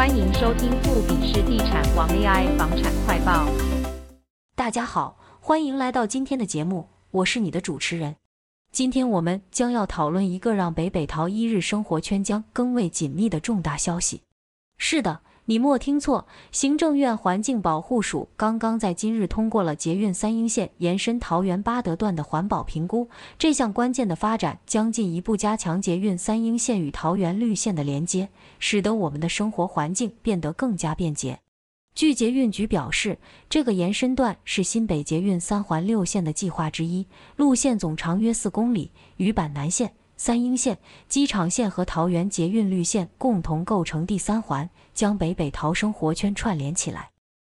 歡迎收聽富比士地產王 AI 房產快報。大家好，歡迎來到今天的節目，我是你的主持人。今天我們將要討論一個讓北北桃一日生活圈將更為緊密的重大消息。是的。你莫聽錯，行政院環境保護署剛剛在今日通過了捷運三鶯線延伸桃園八德段的環保評估。這項關鍵的發展將進一步加強捷運三鶯線與桃園綠線的連接，使得我們的生活環境變得更加便捷。據捷運局表示，這個延伸段是新北捷運三環六線的計劃之一，路線總長約四公里，與板南線。三鶯線、機場線和桃園捷運綠線共同構成第三環，將北北桃生活圈串聯起來。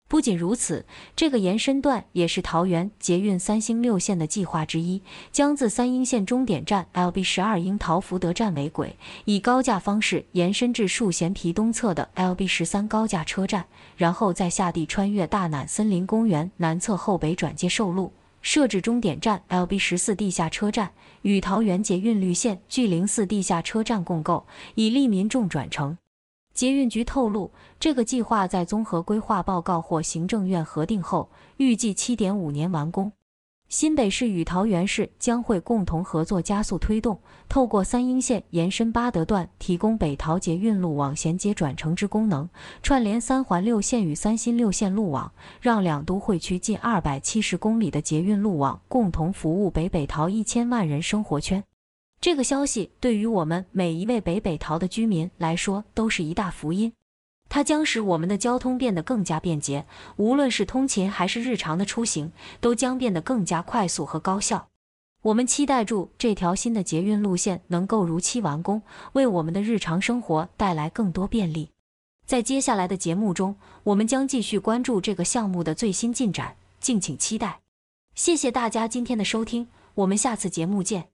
不僅如此，這個延伸段也是桃園捷運三星六線的計劃之一，將自三鶯線終點站 LB 十二鶯桃福德站為軌，以高架方式延伸至樹賢皮東側的 LB 十三高架車站，然後再下地穿越大湳森林公園南側後北轉接受路。設置終點站 LB14 地下車站與桃園捷運綠線 G04 地下車站共構，以利民眾轉乘。捷運局透露，這個計劃在綜合規劃報告獲行政院核定後，預計七點五年完工。新北市與桃園市將會共同合作，加速推動，透過三鶯線延伸八德段，提供北桃捷運路網銜接轉乘之功能，串聯三環六線與三新六線路網，讓兩都會區近二百七十公里的捷運路網共同服務北北桃一千萬人生活圈。這個消息對於我們每一位北北桃的居民來說，都是一大福音。它將使我們的交通變得更加便捷，無論是通勤還是日常的出行，都將變得更加快速和高效。我們期待著這條新的捷運路線能夠如期完工，為我們的日常生活帶來更多便利。在接下來的節目中，我們將繼續關注這個項目的最新進展，敬請期待。謝謝大家今天的收聽，我們下次節目見。